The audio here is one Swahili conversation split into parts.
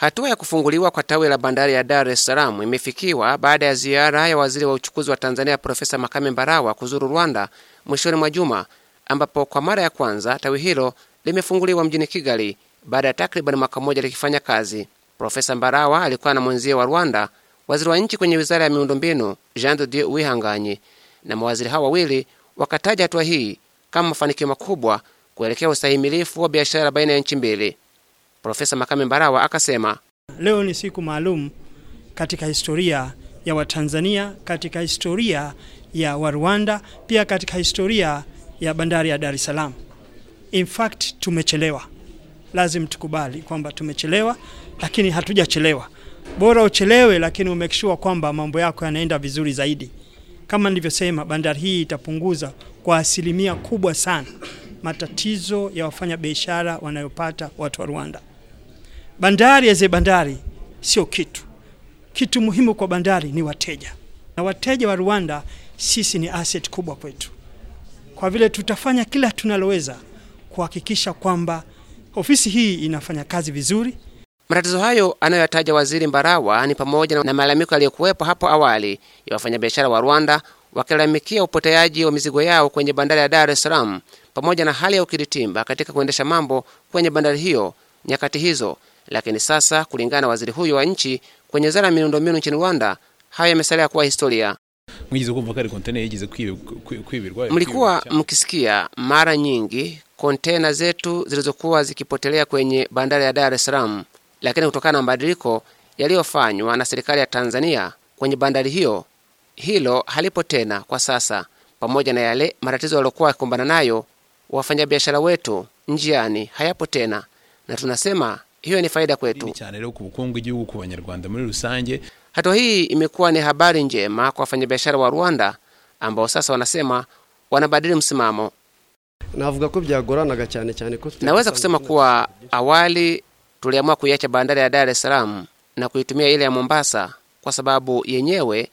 Hatua ya kufunguliwa kwa tawi la bandari ya Dar es Salaam imefikiwa baada ya ziara ya waziri wa uchukuzi wa Tanzania Profesa Makame Mbarawa kuzuru Rwanda mwishoni mwa juma, ambapo kwa mara ya kwanza tawi hilo limefunguliwa mjini Kigali baada ya takribani mwaka mmoja likifanya kazi. Profesa Mbarawa alikuwa na mwenzie wa Rwanda, waziri wa nchi kwenye wizara ya miundombinu Jean de Dieu Uwihanganye, na mawaziri hao wawili wakataja hatua hii kama mafanikio makubwa kuelekea ustahimilifu wa biashara baina ya nchi mbili. Profesa Makame Mbarawa akasema leo ni siku maalum katika historia ya Watanzania, katika historia ya Warwanda, pia katika historia ya bandari ya Dar es Salaam. In fact tumechelewa, lazim tukubali kwamba tumechelewa, lakini hatujachelewa. Bora uchelewe, lakini umake sure kwamba mambo yako yanaenda vizuri zaidi. Kama nilivyosema, bandari hii itapunguza kwa asilimia kubwa sana matatizo ya wafanyabiashara wanayopata watu wa Rwanda. Bandari ya bandari sio kitu. Kitu muhimu kwa bandari ni wateja, na wateja wa Rwanda sisi ni asset kubwa kwetu, kwa vile tutafanya kila tunaloweza kuhakikisha kwamba ofisi hii inafanya kazi vizuri. Matatizo hayo anayoyataja Waziri Mbarawa ni pamoja na malalamiko yaliyokuwepo hapo awali ya wafanyabiashara wa Rwanda wakilalamikia upoteaji wa mizigo yao kwenye bandari ya Dar es Salaam pamoja na hali ya ukiritimba katika kuendesha mambo kwenye bandari hiyo nyakati hizo. Lakini sasa, kulingana na waziri huyo wa nchi kwenye wizara ya miundombinu nchini Rwanda, hayo yamesalia kuwa historia. Mlikuwa mkisikia mara nyingi kontena zetu zilizokuwa zikipotelea kwenye bandari ya Dar es Salaam, lakini kutokana na mabadiliko yaliyofanywa na serikali ya Tanzania kwenye bandari hiyo hilo halipo tena kwa sasa. Pamoja na yale matatizo waliokuwa wakikumbana nayo wafanyabiashara wetu njiani hayapo tena, na tunasema hiyo ni faida kwetu. Hatua hii imekuwa ni habari njema kwa wafanyabiashara wa Rwanda ambao sasa wanasema wanabadili msimamo. Naweza kusema kuwa awali tuliamua kuiacha bandari ya Dar es Salaam na kuitumia ile ya Mombasa kwa sababu yenyewe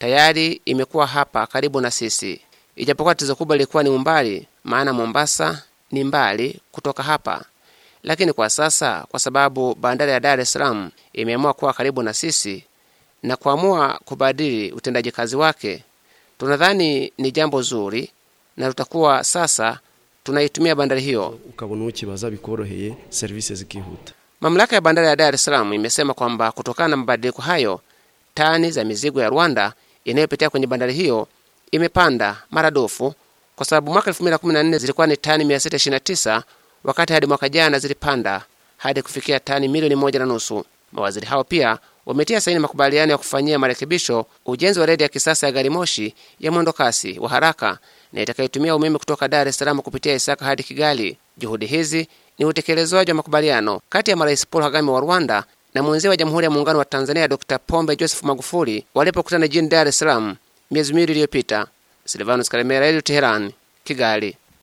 tayari imekuwa hapa karibu na sisi, ijapokuwa tatizo kubwa lilikuwa ni umbali, maana Mombasa ni mbali kutoka hapa. Lakini kwa sasa, kwa sababu bandari ya Dar es Salaam imeamua kuwa karibu na sisi na kuamua kubadili utendaji kazi wake, tunadhani ni jambo zuri na tutakuwa sasa tunaitumia bandari hiyo. Mamlaka ya bandari ya Dar es Salaam imesema kwamba kutokana na mabadiliko hayo, tani za mizigo ya Rwanda inayopitia kwenye bandari hiyo imepanda maradufu kwa sababu mwaka 2014 zilikuwa ni tani 629 wakati hadi mwaka jana zilipanda hadi kufikia tani milioni moja na nusu. Mawaziri hao pia wametia saini makubaliano ya kufanyia marekebisho ujenzi wa reli ya kisasa ya gari moshi ya kasi wa haraka na itakayotumia umeme kutoka Dar es Salaam kupitia Isaka hadi Kigali. Juhudi hizi ni utekelezwaji wa makubaliano kati ya marais Paul Kagame wa Rwanda na mwenzie wa Jamhuri ya Muungano wa Tanzania Dr. Pombe Joseph Magufuli walipokutana jijini Dar es Salaam miezi miwili iliyopita. Silvanus Karemera, Radio Teherani, Kigali.